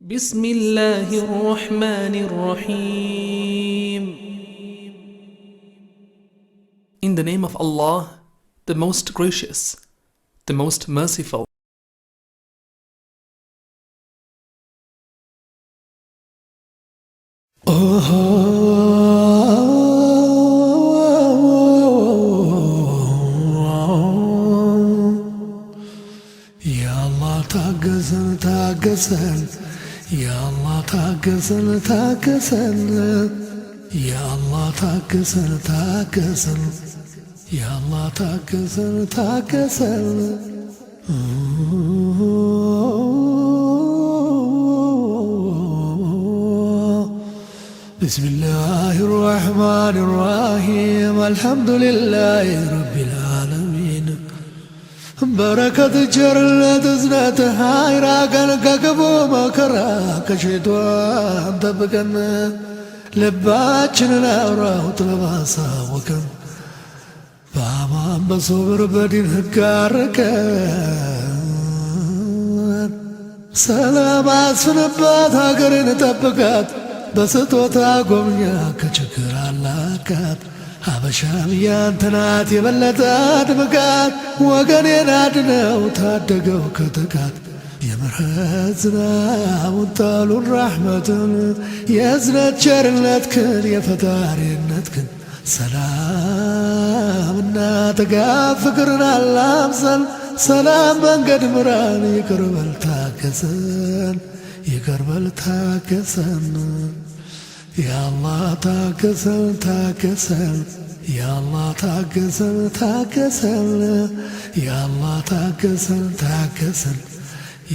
بسم الله الرحمن الرحيم In the name of Allah, the most gracious, the most merciful. Ya Allah ta gazan ta gazan يا الله تاكسل تاكسل يا الله تاكسل تاكسل يا الله تاكسل تاكسل بسم الله الرحمن الرحيم الحمد لله رب العالمين በረከት ቸርነት እዝነት አይራቀን ከክፉ መከራ ከሽቷ ጠብቀን ልባችንን አውራው ጥበብ አሳወቀን በአማን በሶብር በዲን ሕግ አርከን ሰላም አስፍንባት ሀገርን ጠብቃት በስጦታ ጎብኛ ከችግር አላቃት አበሻም ያንተናት የበለጣት ብቃት ወገኔን አድነው ታደገው ከጥቃት የምሕረት ዝናቡን የዝነት ራሕመትን የእዝነት ቸርነትክን የፈጣሪነትክን ሰላምና ተጋ ፍቅርን አላብሰን ሰላም መንገድ ምራን ይቅር በል ታገሰን ታገሰን ያአላህ ታገሰን ታገሰን ያአላህ ታገሰን ታገሰን ያአላህ ታገሰን ታገሰን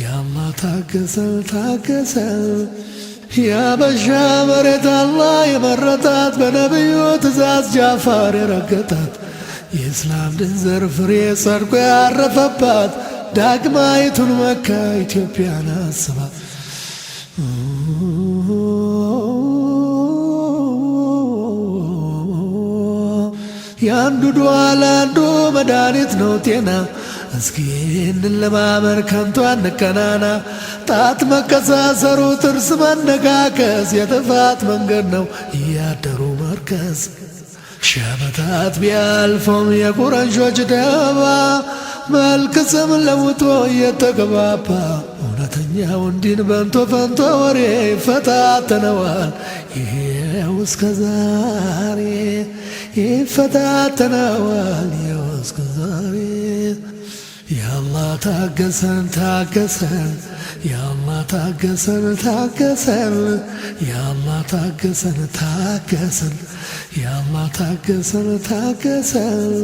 ያአላህ ታገሰን ታገሰን ያበሻ መሬት አላህ የመረጣት በነቢዩ ትእዛዝ ጃፋር የረገጣት የእስላም ድንዘር ፍሬ ጸድቆ ያረፈባት ዳግማይቱን መካ ኢትዮጵያን አስባ አንዱ ዱዓ ለአንዱ መድኃኒት ነው ጤና። እስኪ ይህንን ለማመን ከንቱ አንቀናና። ጣት መቀሳሰሩ ጥርስ መነጋከስ የጥፋት መንገድ ነው እያደሩ መርከስ። ሺህ ዓመታት ቢያልፈውም የቁረንሾች ደባ መልክ ስም ለውጦ እየተገባባ እውነተኛውን ዲን በንቶ ፈንቶ ወሬ ይፈታተነዋል ይሄው እስከ ዛሬ ይፈታተነዋል የወስክ ዛሬ ያአላህ ታገሰን ታገሰን ያአላህ ታገሰን ታገሰን ያአላህ ታገሰን ታገሰን ያአላህ ታገሰን ታገሰን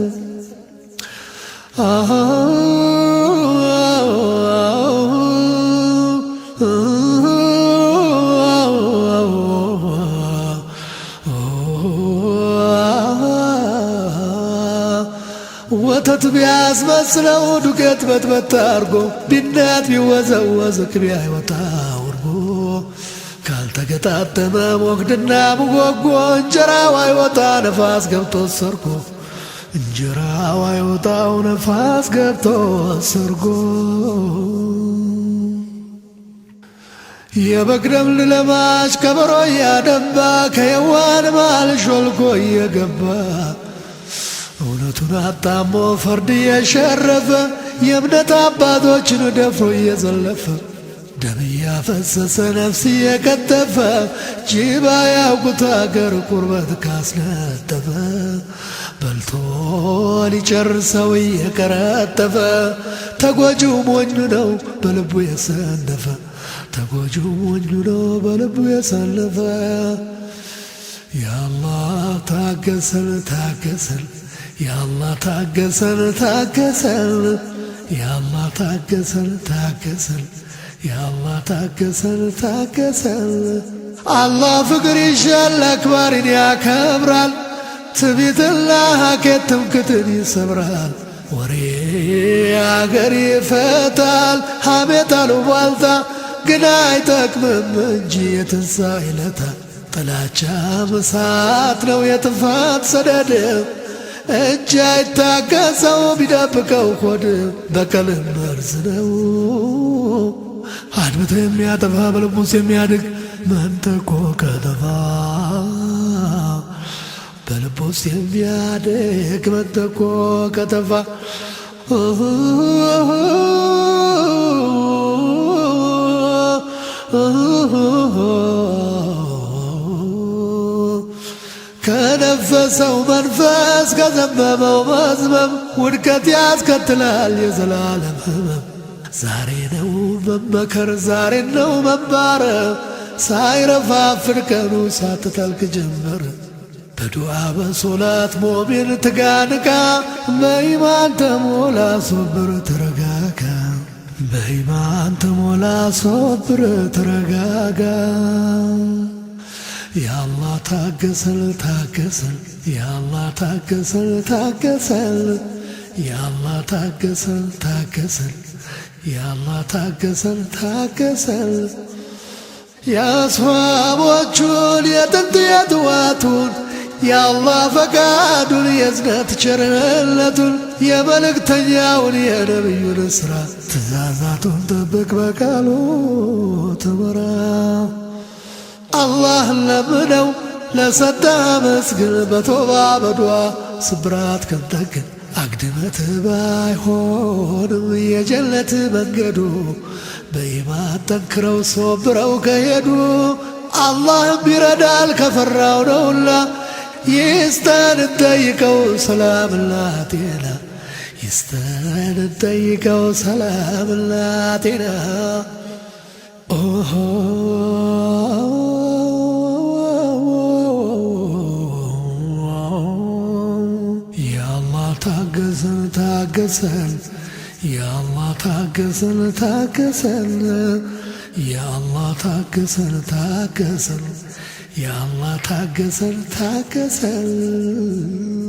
አ ወተት ቢያስመስለው ዱቄት በትበት አርጎ ቢናት ቢወዘወዝ ክቢያ አይወጣ ወርጎ ካልተገጣጠመ ሞክድና ሙጎጎ እንጀራው አይወጣ ነፋስ ገብቶ ሰርጎ እንጀራው አይወጣው ነፋስ ገብቶ ሰርጎ የበግ ደም ልለማች ከበሮ እያደባ ከየዋን ማል እየገባ እውነቱን አጣሞ ፍርድ የሸረፈ የእምነት አባቶችን ደፍሮ እየዘለፈ ደም እያፈሰሰ ነፍስ እየከተፈ ጅባ ያውቁት አገር ቁርበት ካስነጠፈ በልቶ ሊጨርሰው እየቀረጠፈ ተጎጂው ሞኙ ነው በልቡ የሰነፈ ተጎጂው ሞኙ ነው በልቡ የሰነፈ። ያአላህ ታገሰን ታገሰን ያላ ታገሰን ታገሰን ያላ ታገሰን ታገሰን ያላ ታገሰን ታገሰን። አላህ ፍቅር ይሻል አክባሪን ያከብራል። ትቢትና ሀኬት ትምክትን ይሰብራል። ወሬ አገር ይፈታል። ሀሜት አሉባልታ ግን አይጠቅምም እንጂ የትንሣኤ ይለታል ጥላቻ እሳት ነው የጥፋት ሰደድም እጅ አይታገሰው ቢደብቀው ሆድ በቀል መርዝ ነው። አድብቶ የሚያጠፋ በልቡስ የሚያድግ መንጠቆ ከተፋ በልቡስ የሚያድግ መንጠቆ ከተፋ ከነፈሰው መንፈስ ከዘመመው መዝመም ውድቀት ያስከትላል የዘላለም ህመም። ዛሬ ነው መመከር፣ ዛሬ ነው መማረብ። ሳይረፋፍድ ቀኑ ሳትጠልቅ ጀመር። በዱዓ በሶላት ሞቢል ትጋንቃ በኢማን ተሞላ ሶብር ተረጋጋ በኢማን ተሞላ ሶብር ተረጋጋ ያአላ ታገሰን ታገሰን ያአላ ታገሰን ታገሰን ያአላ ታገሰል ታገሰን ያአላ ታገሰን ታገሰን የአስዋቦቹን የጥንት የትዋቱን ያአላ ፈቃዱን የዝነት ቸርነቱን የመልእክተኛውን የነቢዩን ሥራ ትእዛዛቱን ጠብቅ በቃሉ ትምራ አላህን ብለው ለሰጠ መስግን በቶባ በዱዓ ስብራት ከንጠግን አግድመት ባይሆንም የጀነት መንገዱ በኢማን ጠንክረው ሶብረው ከሄዱ አላህም ይረዳል ከፈራው ነውና ይስጠን እንጠይቀው ሰላምና ጤና ይስጠን እንጠይቀው ሰላምና ጤና ታገሰን፣ የአላህ ታገሰን፣ ታገሰን፣ የአላህ ታገሰን፣ ታገሰን፣ የአላህ ታገሰን፣ ታገሰን